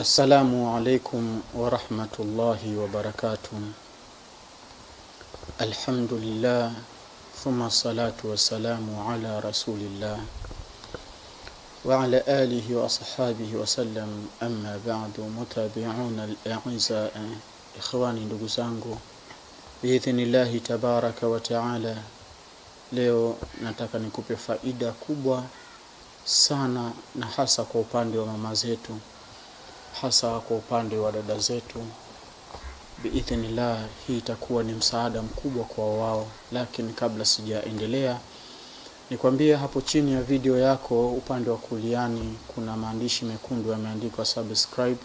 Assalamu alaikum wa wabarakatuh. Alhamdulillah thumma salatu wassalamu ala rasulillah wa ala alihi wa wa sallam Amma ba'du, mutabiuna al-a'izza, ikhwani, ndugu zangu, biidhnillahi tabaraka wa taala, leo nataka nikupe faida kubwa sana na hasa kwa upande wa mama zetu hasa kwa upande wa dada zetu biidhnillah. Hii itakuwa ni msaada mkubwa kwa wao, lakini kabla sijaendelea nikwambie hapo chini ya video yako upande wa kuliani kuna maandishi mekundu yameandikwa subscribe.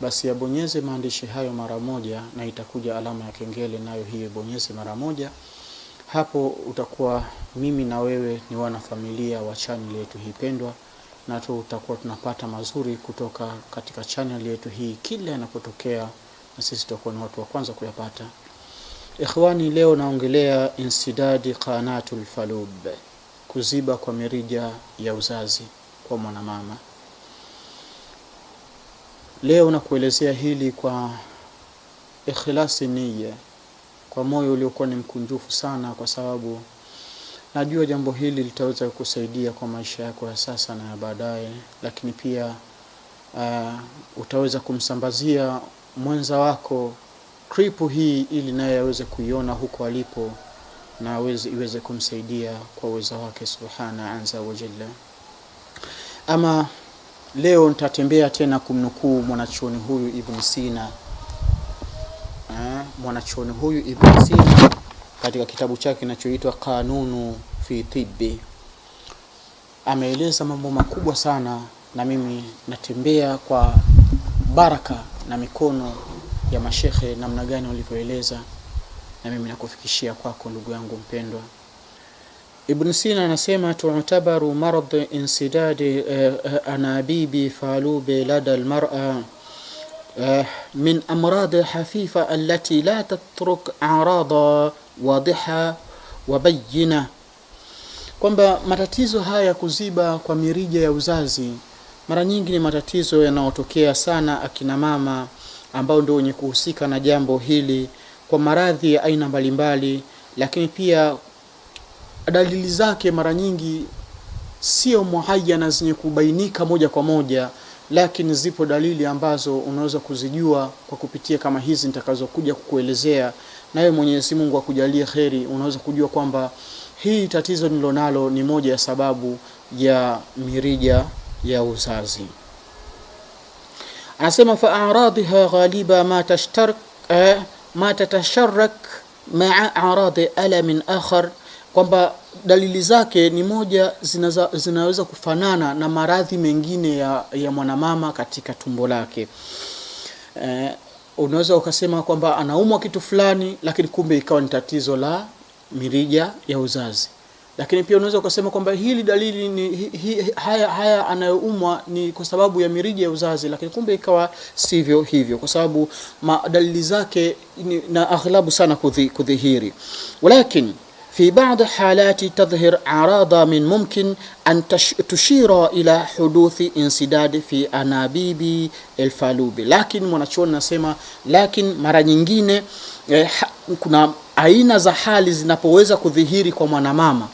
Basi yabonyeze maandishi hayo mara moja, na itakuja alama ya kengele, nayo hiyo ibonyeze mara moja. Hapo utakuwa mimi na wewe ni wanafamilia wa chaneli yetu hii pendwa na tutakuwa tunapata mazuri kutoka katika channel yetu hii kila yanapotokea, na sisi tutakuwa ni watu wa kwanza kuyapata. Ikhwani, leo naongelea insidadi qanatul falub, kuziba kwa mirija ya uzazi kwa mwanamama. Leo nakuelezea hili kwa ikhlasi, niye kwa moyo uliokuwa ni mkunjufu sana, kwa sababu Najua jambo hili litaweza kukusaidia kwa maisha yako ya sasa na ya baadaye, lakini pia uh, utaweza kumsambazia mwenza wako kripu hii ili naye aweze kuiona huko alipo na aweze iweze kumsaidia kwa uwezo wake subhana anza wajalla. Ama leo nitatembea tena kumnukuu mwanachuoni huyu Ibn Sina, uh, mwanachuoni huyu Ibn Sina katika kitabu chake kinachoitwa Kanunu fi Tibbi ameeleza mambo makubwa sana, na mimi natembea kwa baraka na mikono ya mashekhe namna gani walivyoeleza, na mimi nakufikishia kwako ndugu yangu mpendwa. Ibn Sina anasema tu'tabaru marad insidadi eh, eh anabibi falube lada almar'a من eh, أمراض hafifa التي لا تترك أعراض واضحة wabayina, kwamba matatizo haya ya kuziba kwa mirija ya uzazi mara nyingi ni matatizo yanayotokea sana akina mama ambao ndio wenye kuhusika na jambo hili kwa maradhi ya aina mbalimbali, lakini pia dalili zake mara nyingi sio muhayana zenye kubainika moja kwa moja, lakini zipo dalili ambazo unaweza kuzijua kwa kupitia kama hizi nitakazokuja kukuelezea, nawe Mwenyezi Mungu akujalie kheri, unaweza kujua kwamba hii tatizo nilonalo ni moja ya sababu ya mirija ya uzazi. Anasema fa aradhiha ghaliba ma tashtarak eh, ma tatasharak maa aradhi alamin akhar, kwamba dalili zake ni moja zinaza, zinaweza kufanana na maradhi mengine ya, ya mwanamama katika tumbo lake eh, unaweza ukasema kwamba anaumwa kitu fulani lakini kumbe ikawa ni tatizo la mirija ya uzazi lakini pia unaweza ukasema kwamba hili dalili ni hi, hi, haya, haya anayoumwa ni kwa sababu ya mirija ya uzazi lakini kumbe ikawa sivyo hivyo kwa sababu dalili zake ni, na aghlabu sana kudhihiri kudhi في بعض حالات تظهر أعراض من ممكن أن تشير إلى حدوث انسداد في أنابيب الفalube. Lakini mwanachuoni nasema, lakini mara nyingine eh, kuna aina za hali zinapoweza kudhihiri kwa mwanamama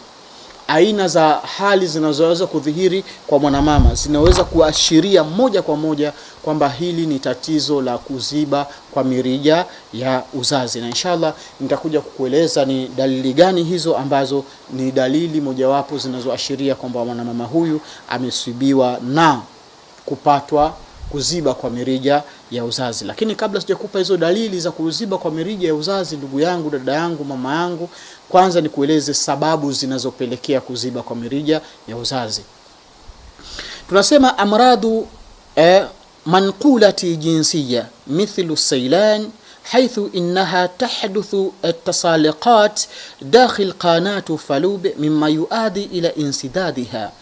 aina za hali zinazoweza kudhihiri kwa mwanamama zinaweza kuashiria moja kwa moja kwamba hili ni tatizo la kuziba kwa mirija ya uzazi, na inshallah nitakuja kukueleza ni dalili gani hizo ambazo ni dalili mojawapo zinazoashiria kwamba mwanamama huyu amesibiwa na kupatwa kuziba kwa mirija ya uzazi. Lakini kabla sijakupa hizo dalili za kuziba kwa mirija ya uzazi, ndugu yangu, dada yangu, mama yangu, kwanza nikueleze sababu zinazopelekea kuziba kwa mirija ya uzazi. Tunasema amradu eh, manqulati jinsiya mithlu sailan حيث إنها تحدث التصالقات داخل qanatu فالوب مما يؤدي ila انسدادها.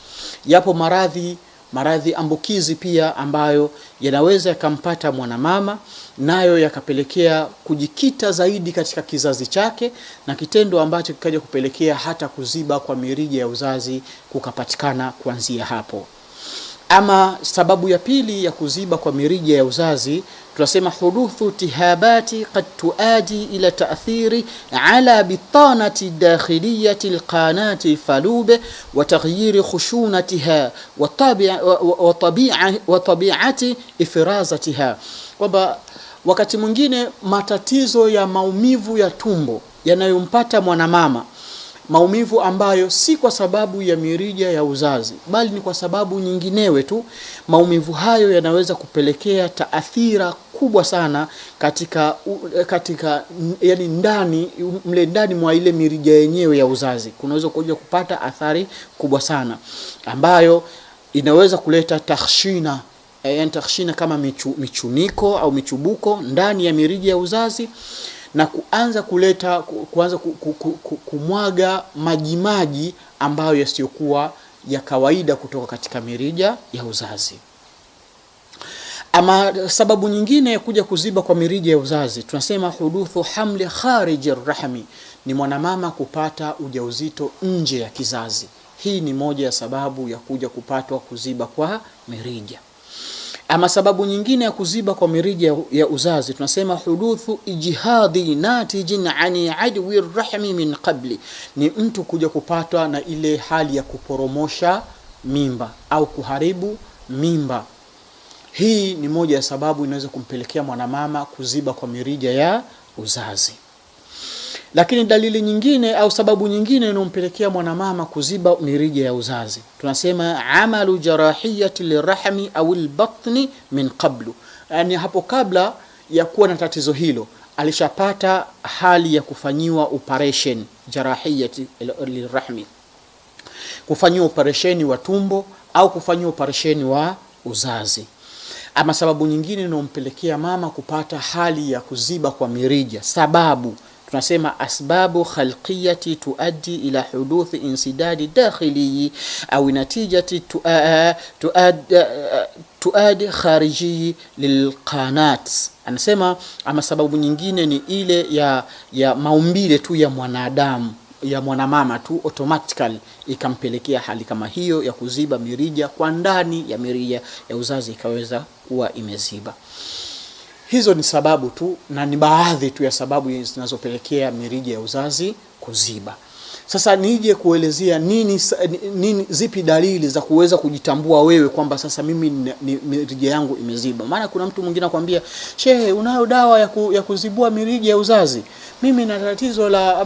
Yapo maradhi maradhi ambukizi pia ambayo yanaweza yakampata mwanamama, nayo yakapelekea kujikita zaidi katika kizazi chake, na kitendo ambacho kikaja kupelekea hata kuziba kwa mirija ya uzazi kukapatikana kuanzia hapo. Ama sababu ya pili ya kuziba kwa mirija ya uzazi tunasema huduthu tihabati qad tuadi ila taathiri ala bitanati dakhiliyati lqanati falube wa taghyiri khushunatiha wa tabiati ifrazatiha, kwamba wakati mwingine matatizo ya maumivu ya tumbo yanayompata mwanamama maumivu ambayo si kwa sababu ya mirija ya uzazi, bali ni kwa sababu nyinginewe tu. Maumivu hayo yanaweza kupelekea taathira kubwa sana katika, eh, katika yani ndani mle ndani mwa ile mirija yenyewe ya uzazi, kunaweza kuja kupata athari kubwa sana ambayo inaweza kuleta tahshina eh, yani takhshina kama michu, michuniko au michubuko ndani ya mirija ya uzazi na kuanza kuleta kuanza kumwaga majimaji ambayo yasiyokuwa ya kawaida kutoka katika mirija ya uzazi. Ama sababu nyingine ya kuja kuziba kwa mirija ya uzazi tunasema huduthu hamli khariji rahmi, ni mwanamama kupata ujauzito nje ya kizazi. Hii ni moja ya sababu ya kuja kupatwa kuziba kwa mirija. Ama sababu nyingine ya kuziba kwa mirija ya uzazi tunasema huduthu ijihadi natijin ani adwi rahmi min qabli, ni mtu kuja kupatwa na ile hali ya kuporomosha mimba au kuharibu mimba. Hii ni moja ya sababu inaweza kumpelekea mwanamama kuziba kwa mirija ya uzazi. Lakini dalili nyingine au sababu nyingine inayompelekea mwanamama kuziba mirija ya uzazi tunasema amalu jarahiyati lirahmi au lbatni min qablu, yani hapo kabla ya kuwa na tatizo hilo alishapata hali ya kufanyiwa operation jarahiyati lirahmi, kufanyiwa operesheni wa tumbo au kufanyiwa operesheni wa uzazi. Ama sababu nyingine inayompelekea mama kupata hali ya kuziba kwa mirija sababu tunasema asbabu khalqiyati tuaddi ila huduthi insidadi dakhiliyi au natijati tuadi kharijii lilqanat. Anasema ama sababu nyingine ni ile ya, ya maumbile tu ya mwanadamu ya mwanamama tu automatically ikampelekea hali kama hiyo ya kuziba mirija kwa ndani ya mirija ya uzazi ikaweza kuwa imeziba. Hizo ni sababu tu na ni baadhi tu ya sababu zinazopelekea mirija ya uzazi kuziba. Sasa nije kuelezea nini, nini, zipi dalili za kuweza kujitambua wewe kwamba sasa mimi mirija yangu imeziba. Maana kuna mtu mwingine anakuambia, shehe, unayo dawa ya, ku, ya kuzibua mirija ya uzazi? Mimi na tatizo la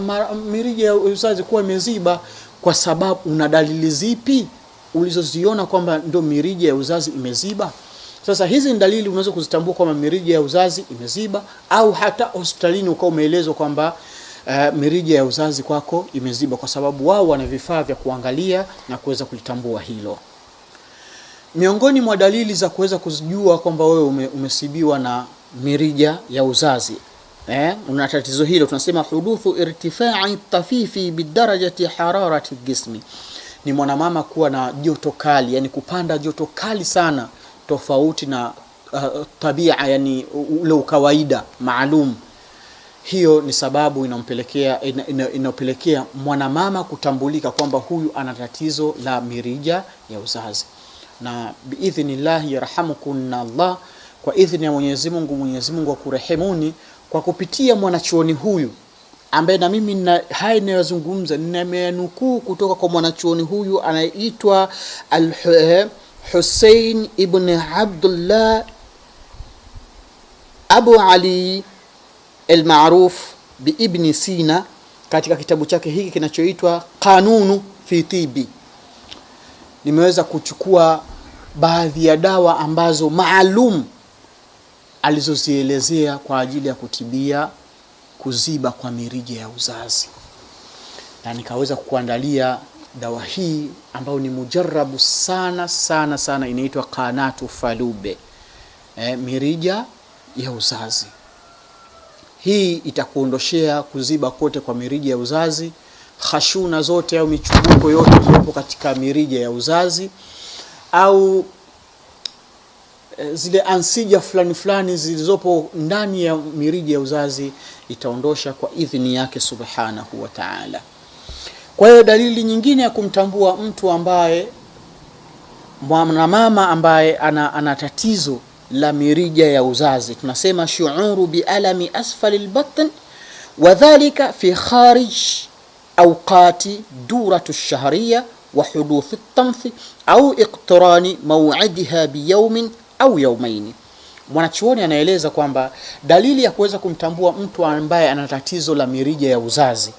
mirija ya uzazi kuwa imeziba. Kwa sababu una dalili zipi ulizoziona kwamba ndio mirija ya uzazi imeziba? Sasa hizi ni dalili unaweza kuzitambua kwamba mirija ya uzazi imeziba, au hata hospitalini ukawa umeelezwa kwamba uh, mirija ya uzazi kwako imeziba, kwa sababu wao wana vifaa vya kuangalia na kuweza kulitambua hilo. Miongoni mwa dalili za kuweza kujua kwamba wewe ume, umesibiwa na mirija ya uzazi eh, una tatizo hilo, tunasema huduthu irtifai tafifi bidarajati hararati jismi, ni mwanamama kuwa na joto kali, yani kupanda joto kali sana tofauti na uh, tabia yani ule ukawaida maalum. Hiyo ni sababu inampelekea inayopelekea ina, ina mwanamama kutambulika kwamba huyu ana tatizo la mirija ya uzazi, na biidhnillah yarhamukunna Allah, kwa idhini ya Mwenyezi Mungu, Mwenyezi Mungu akurehemuni kwa kupitia mwanachuoni huyu ambaye na mimi na haya ninayozungumza nimeyanukuu kutoka kwa mwanachuoni huyu anayeitwa eh, Hussein ibn Abdullah Abu Ali almaruf bi Ibn Sina katika kitabu chake hiki kinachoitwa Kanunu fi Tibi, nimeweza kuchukua baadhi ya dawa ambazo maalum alizozielezea kwa ajili ya kutibia kuziba kwa mirija ya uzazi na nikaweza kukuandalia dawa hii ambayo ni mujarabu sana sana sana, inaitwa kanatu falube e, mirija ya uzazi. Hii itakuondoshea kuziba kote kwa mirija ya uzazi, khashuna zote au michubuko yote iliyopo katika mirija ya uzazi au eh, zile ansija fulani fulani zilizopo ndani ya mirija ya uzazi, itaondosha kwa idhini yake subhanahu wa ta'ala. Kwa hiyo dalili nyingine ya kumtambua mtu ambaye mama ambaye ana, ana tatizo la mirija ya uzazi tunasema shuuru bialami asfali lbatn wadhalika fi kharij awqati duratu lshahriya wa huduthi ltamthi au iqtirani mauidiha biyaumin au yaumaini. Mwanachuoni anaeleza kwamba dalili ya kuweza kumtambua mtu ambaye ana tatizo la mirija ya uzazi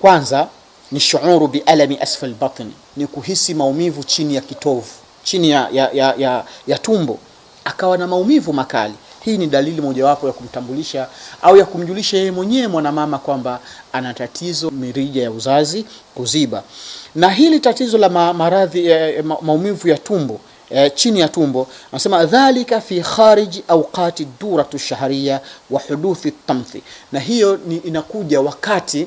kwanza ni shuuru bialami asfal batni, ni kuhisi maumivu chini ya kitovu, chini ya, ya, ya, ya, ya tumbo, akawa na maumivu makali. Hii ni dalili mojawapo ya kumtambulisha au ya kumjulisha yeye mwenyewe mwanamama kwamba ana tatizo mirija ya uzazi kuziba. Na hili tatizo la maradhi eh, eh maumivu ya tumbo eh, chini ya tumbo, anasema dhalika fi khariji awqati duratu shahriya wa huduthi tamthi, na hiyo ni inakuja wakati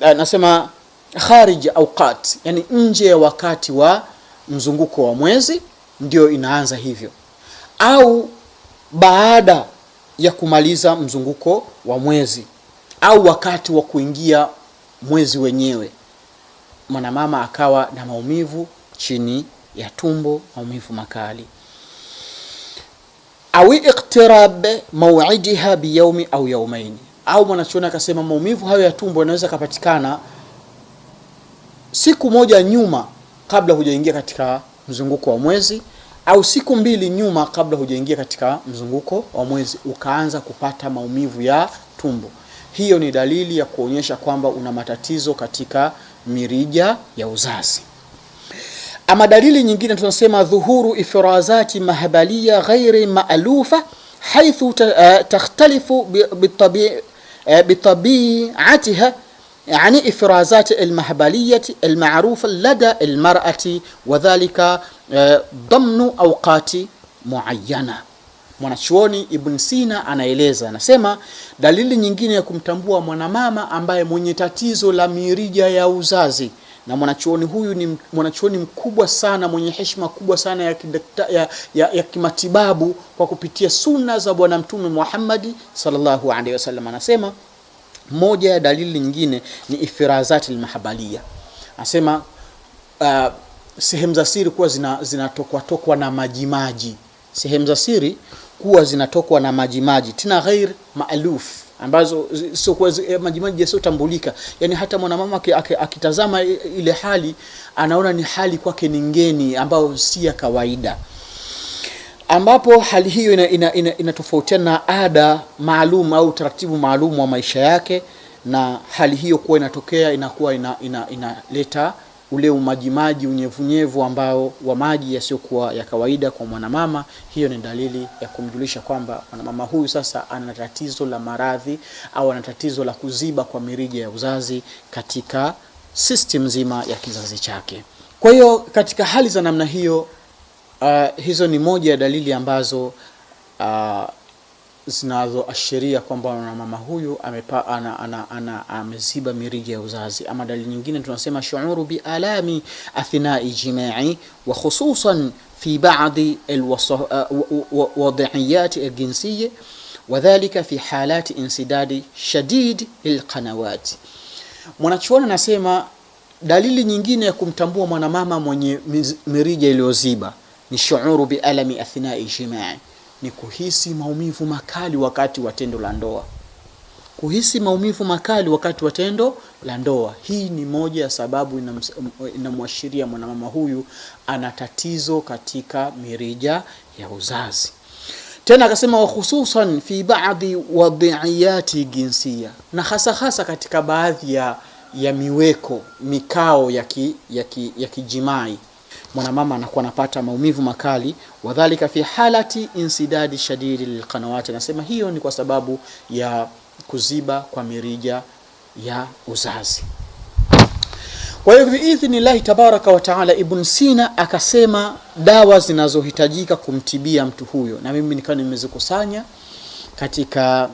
anasema ah, eh, uh, kharij awqat, yani nje ya wakati wa mzunguko wa mwezi, ndio inaanza hivyo, au baada ya kumaliza mzunguko wa mwezi, au wakati wa kuingia mwezi wenyewe, mwanamama akawa na maumivu chini ya tumbo, maumivu makali au iktirab mauidiha biyaumi au yaumaini, au mwanachuoni akasema maumivu hayo ya tumbo yanaweza kapatikana siku moja nyuma kabla hujaingia katika mzunguko wa mwezi au siku mbili nyuma kabla hujaingia katika mzunguko wa mwezi ukaanza kupata maumivu ya tumbo, hiyo ni dalili ya kuonyesha kwamba una matatizo katika mirija ya uzazi. Ama dalili nyingine tunasema dhuhuru ifrazati mahabalia ghairi maalufa haithu eh, takhtalifu bitabiatiha yani ifrazati almahbaliyati almarufa lada almar'ati wadhalika damnu awqati muayyana mwanachuoni Ibn Sina anaeleza, anasema dalili nyingine ya kumtambua mwanamama ambaye mwenye tatizo la mirija ya uzazi, na mwanachuoni huyu ni mwanachuoni mkubwa sana mwenye heshima kubwa sana ya, ya, ya, ya kimatibabu kwa kupitia sunna za Bwana Mtume Muhammadi sallallahu alaihi wasallam, anasema moja ya dalili nyingine ni ifirazati almahabalia, anasema uh, sehemu za siri kuwa zinatokwatokwa zina na majimaji, sehemu za siri kuwa zinatokwa na majimaji tena ghair maaluf ambazo sio kwa eh, majimaji yasiyotambulika, yani hata mwanamama akitazama ile hali anaona ni hali kwake ni ngeni, ambayo si ya kawaida ambapo hali hiyo inatofautiana ina, ina, ina na ada maalum au utaratibu maalum wa maisha yake, na hali hiyo kuwa inatokea inakuwa inaleta ina, ina ule umajimaji unyevunyevu ambao wa maji yasiyokuwa ya kawaida kwa mwanamama. Hiyo ni dalili ya kumjulisha kwamba mwanamama huyu sasa ana tatizo la maradhi au ana tatizo la kuziba kwa mirija ya uzazi katika system nzima ya kizazi chake. Kwa hiyo katika hali za namna hiyo Uh, hizo ni moja ya dalili ambazo uh, zinazoashiria kwamba mwanamama huyu amepa, ana, ana, ana, ameziba mirija ya uzazi. Ama dalili nyingine tunasema shuuru bi alami athnai jimai wa khususan fi baadhi alwadiyati uh, aljinsiyya wadhalika fi halati insidadi shadid lilqanawati. Mwanachuoni anasema dalili nyingine ya kumtambua mwanamama mwenye mirija iliyoziba ni shuuru bialami athnai jimai, ni kuhisi maumivu makali wakati wa tendo la ndoa. Kuhisi maumivu makali wakati wa tendo la ndoa, hii ni moja ya sababu inamwashiria mwanamama huyu ana tatizo katika mirija ya uzazi. Tena akasema wa fi baadhi wadiiyati jinsia, na hasa hasa katika baadhi ya, ya miweko mikao ya kijimai mwanamama anakuwa anapata maumivu makali, wadhalika fi halati insidadi shadidi lilqanawati. Anasema hiyo ni kwa sababu ya kuziba kwa mirija ya uzazi. Kwa hiyo biidhnillahi tabaraka wa taala, Ibn Sina akasema dawa zinazohitajika kumtibia mtu huyo, na mimi nikawa nimezikusanya katika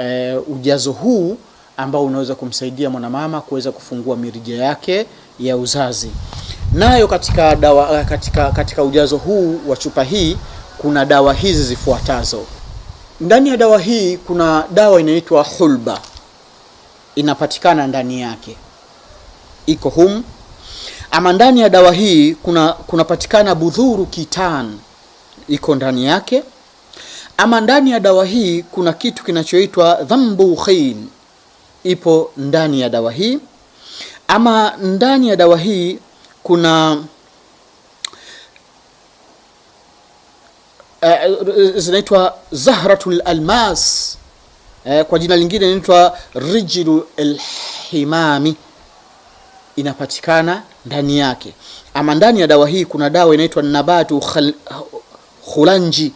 e, ujazo huu ambao unaweza kumsaidia mwanamama kuweza kufungua mirija yake ya uzazi nayo katika dawa, eh, katika, katika ujazo huu wa chupa hii kuna dawa hizi zifuatazo. Ndani ya dawa hii kuna dawa inaitwa hulba, inapatikana ndani yake, iko humu. Ama ndani ya dawa hii kuna kunapatikana budhuru kitan, iko ndani yake. Ama ndani ya dawa hii kuna kitu kinachoitwa dhambu ipo ndani ya dawa hii. Ama ndani ya dawa hii kuna uh, zinaitwa zahratu lalmas uh, eh, kwa jina lingine inaitwa rijilu lhimami inapatikana ndani yake ama ndani ya dawa hii kuna dawa inaitwa nabatu khulanji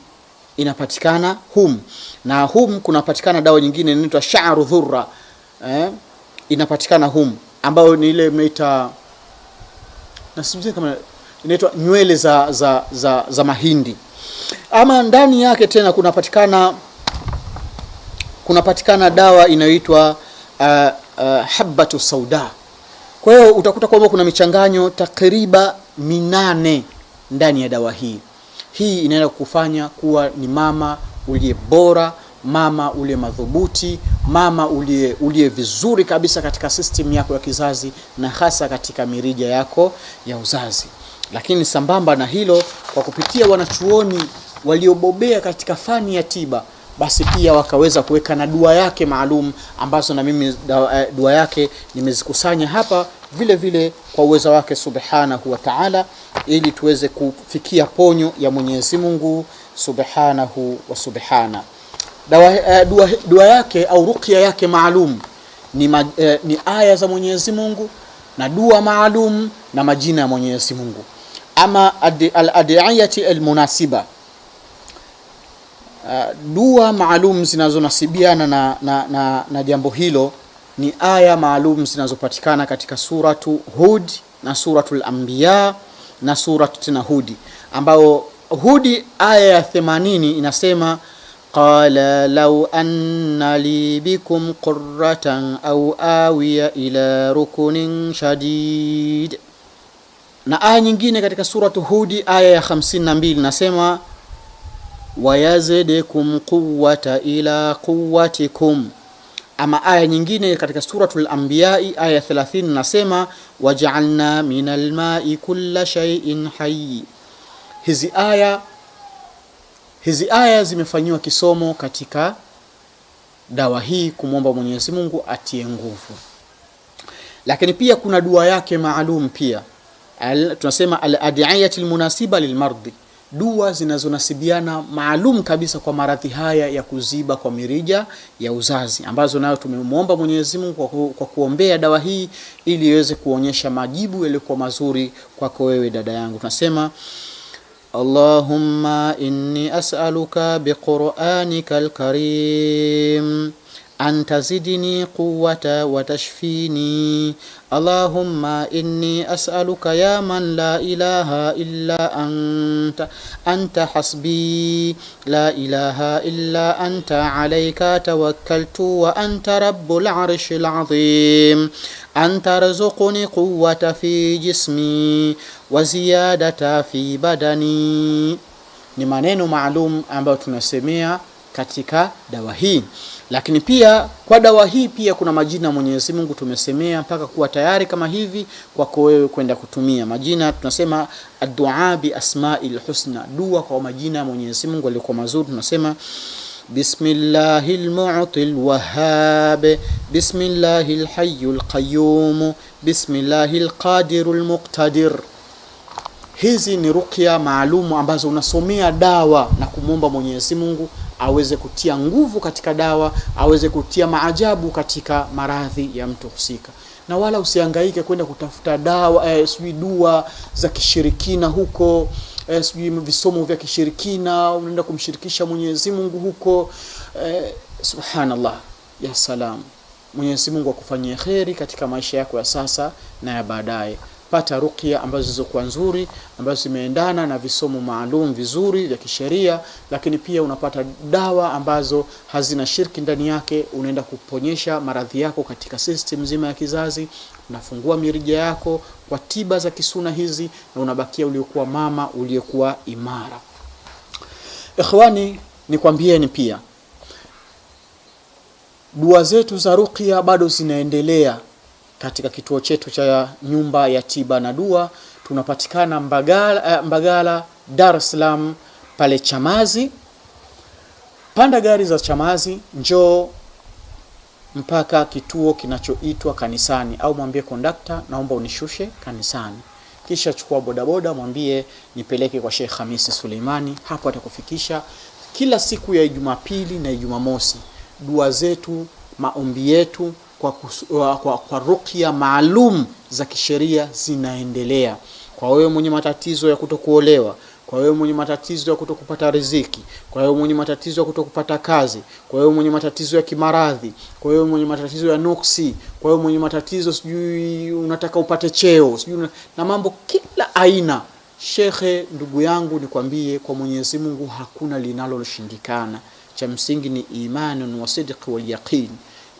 inapatikana hum na hum kunapatikana dawa nyingine inaitwa sha'ru dhurra eh, inapatikana hum ambayo ni ile mnaita nasimzia kama inaitwa nywele za, za, za, za mahindi. Ama ndani yake tena kunapatikana kunapatikana dawa inayoitwa uh, uh, habatu sauda. Kwa hiyo utakuta kwamba kuna michanganyo takriba minane ndani ya dawa hii. Hii inaenda kufanya kuwa ni mama uliye bora mama uliye madhubuti, mama uliye uliye vizuri kabisa katika system yako ya kizazi na hasa katika mirija yako ya uzazi. Lakini sambamba na hilo, kwa kupitia wanachuoni waliobobea katika fani ya tiba basi pia wakaweza kuweka na dua yake maalum ambazo na mimi eh, dua yake nimezikusanya hapa vile vile kwa uwezo wake subhanahu wa ta'ala, ili tuweze kufikia ponyo ya Mwenyezi Mungu subhanahu wa subhana dawa, uh, dua, dua yake au ruqya yake maalum ni, ma, uh, ni aya za Mwenyezi Mungu na dua maalum na majina ya Mwenyezi Mungu. Ama al-adiyati al-munasiba uh, dua maalum zinazonasibiana na, na, na, na jambo hilo ni aya maalum zinazopatikana katika suratu Hud na al Anbiya na suratu tena Hudi, ambayo Hudi aya ya 80 inasema قال لو أن لي بكم قرة أو آوي إلى ركن شديد na aya nyingine katika suratu Hudi aya ya 52 nasema wayazidikum quwwata ila quwwatikum. Ama aya nyingine katika suratul Anbiya aya ya 30 nasema waja'alna minal ma'i kulla shay'in hayy. Hizi aya Hizi aya zimefanyiwa kisomo katika dawa hii, kumwomba Mwenyezi Mungu atie nguvu. Lakini pia kuna dua yake maalum pia al, tunasema al adiyati lmunasiba lilmardi, dua zinazonasibiana maalum kabisa kwa maradhi haya ya kuziba kwa mirija ya uzazi, ambazo nayo tumemwomba Mwenyezi Mungu kwa kuombea dawa hii ili iweze kuonyesha majibu yaliyokuwa mazuri kwako wewe dada yangu, tunasema اللهم إني أسألك بقرآنك الكريم antazidini zidni quwwata wa tashfini allahumma inni as'aluka ya man la ilaha illa anta anta hasbi la ilaha illa anta alayka tawakkaltu wa anta rabbul arshil azim anta rzuqni quwwata fi jismi wa ziyadata fi badani ni maneno maalum ambayo tunasemea katika dawa hii lakini pia kwa dawa hii pia kuna majina Mwenyezi Mungu tumesemea mpaka kuwa tayari kama hivi kwako wewe kwenda kutumia majina. Tunasema addu'a bi asma'il husna, dua kwa majina Mwenyezi Mungu aliyokuwa mazuri. Tunasema bismillahil mu'til wahhab bismillahil hayyul qayyum bismillahil qadirul muqtadir. Hizi ni ruqya maalumu ambazo unasomea dawa na kumwomba Mwenyezi Mungu aweze kutia nguvu katika dawa, aweze kutia maajabu katika maradhi ya mtu husika, na wala usihangaike kwenda kutafuta dawa eh, sijui dua za kishirikina huko eh, sijui visomo vya kishirikina, unaenda kumshirikisha Mwenyezi Mungu huko eh, subhanallah, ya salam. Mwenyezi Mungu akufanyie kheri katika maisha yako ya sasa na ya baadaye pata ruqya ambazo zilizokuwa nzuri ambazo zimeendana na visomo maalum vizuri vya kisheria, lakini pia unapata dawa ambazo hazina shirki ndani yake. Unaenda kuponyesha maradhi yako katika system nzima ya kizazi, unafungua mirija yako kwa tiba za kisuna hizi, na unabakia uliokuwa mama uliokuwa imara. Ikhwani, nikwambieni pia dua zetu za ruqya bado zinaendelea katika kituo chetu cha nyumba ya tiba na dua. Tunapatikana Mbagala, eh, Mbagala Dar es Salaam pale Chamazi. Panda gari za Chamazi, njoo mpaka kituo kinachoitwa kanisani, au mwambie kondakta, naomba unishushe kanisani, kisha chukua bodaboda, mwambie nipeleke kwa Sheikh Hamisi Suleimani. Hapo atakufikisha. Kila siku ya Jumapili na mosi dua zetu, maombi yetu kwa, uh, kwa, kwa ruqya maalum za kisheria zinaendelea kwa wewe mwenye matatizo ya kutokuolewa, kwa wewe mwenye matatizo ya kutokupata riziki, kwa wewe mwenye matatizo ya kutokupata kazi, kwa wewe mwenye matatizo ya kimaradhi, kwa wewe mwenye matatizo ya nuksi, kwa wewe mwenye matatizo sijui unataka upate cheo sijui na mambo kila aina. Shekhe, ndugu yangu, nikwambie kwa Mwenyezi Mungu hakuna linaloshindikana. Cha msingi ni imani wa sidqi yaqini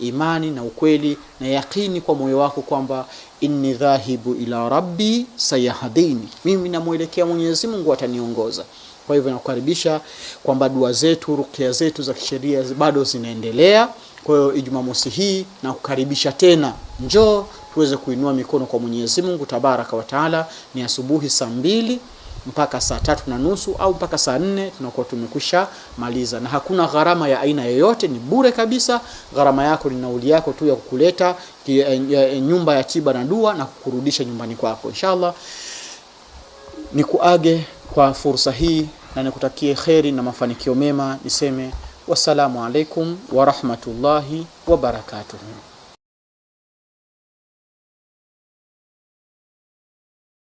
imani na ukweli na yakini kwa moyo wako kwamba inni dhahibu ila rabbi sayahdini, mimi namwelekea Mwenyezi Mungu ataniongoza. Kwa hivyo nakukaribisha kwamba dua zetu, rukia zetu za kisheria bado zinaendelea. Kwa hiyo Ijumaa mosi hii nakukaribisha tena, njoo tuweze kuinua mikono kwa Mwenyezi Mungu tabaraka wa taala. Ni asubuhi saa mbili mpaka saa tatu na nusu au mpaka saa nne tunakuwa tumekusha maliza, na hakuna gharama ya aina yoyote, ni bure kabisa. Gharama yako ni nauli yako tu ya kukuleta eh, eh, eh, nyumba ya tiba na dua na kukurudisha nyumbani kwako. Inshallah nikuage kwa fursa hii na nikutakie kheri na mafanikio mema, niseme wassalamu alaikum warahmatullahi wabarakatuhu.